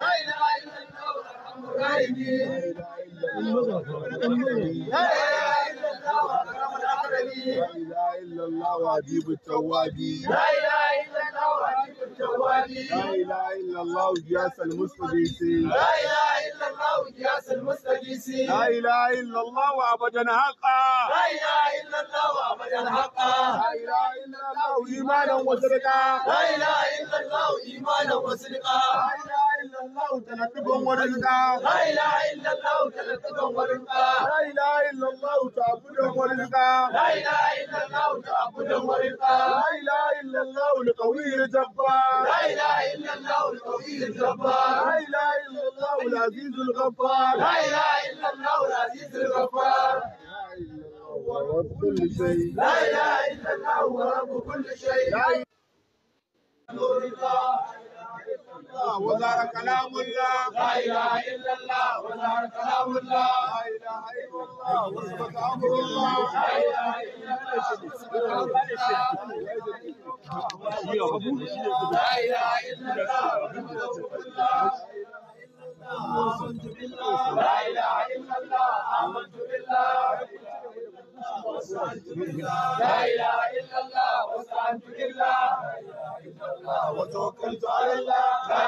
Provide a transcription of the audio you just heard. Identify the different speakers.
Speaker 1: لا اله الا الله لا اله الا الله لا اله الا الله لا اله الا الله لا اله الا الله لا اله الا الله لا اله الا الله وابدا حقا لا اله الا الله وابدا حقا لا اله الا الله ايمانا وصدقا لا اله الا الله ايمانا وصدقا لا اله الله تلتقهم ورزقا لا إله إلا الله تلتقهم ورزقا لا إله إلا الله تعبدهم ورزقا لا إله إلا الله تعبدهم ورزقا لا إله إلا الله لقوي الجبار لا إله إلا الله لقوي الجبار لا إله إلا الله العزيز الغفار لا إله إلا الله العزيز الغفار رب كل شيء لا إله إلا الله رب كل شيء وزار كلام الله لا اله الا الله وزار كلام الله لا اله الا الله وثبت امر الله لا اله الا الله لا اله الا الله آمنت بالله لا إله إلا الله آمنت بالله لا إله إلا الله واستعنت بالله وتوكلت على الله لا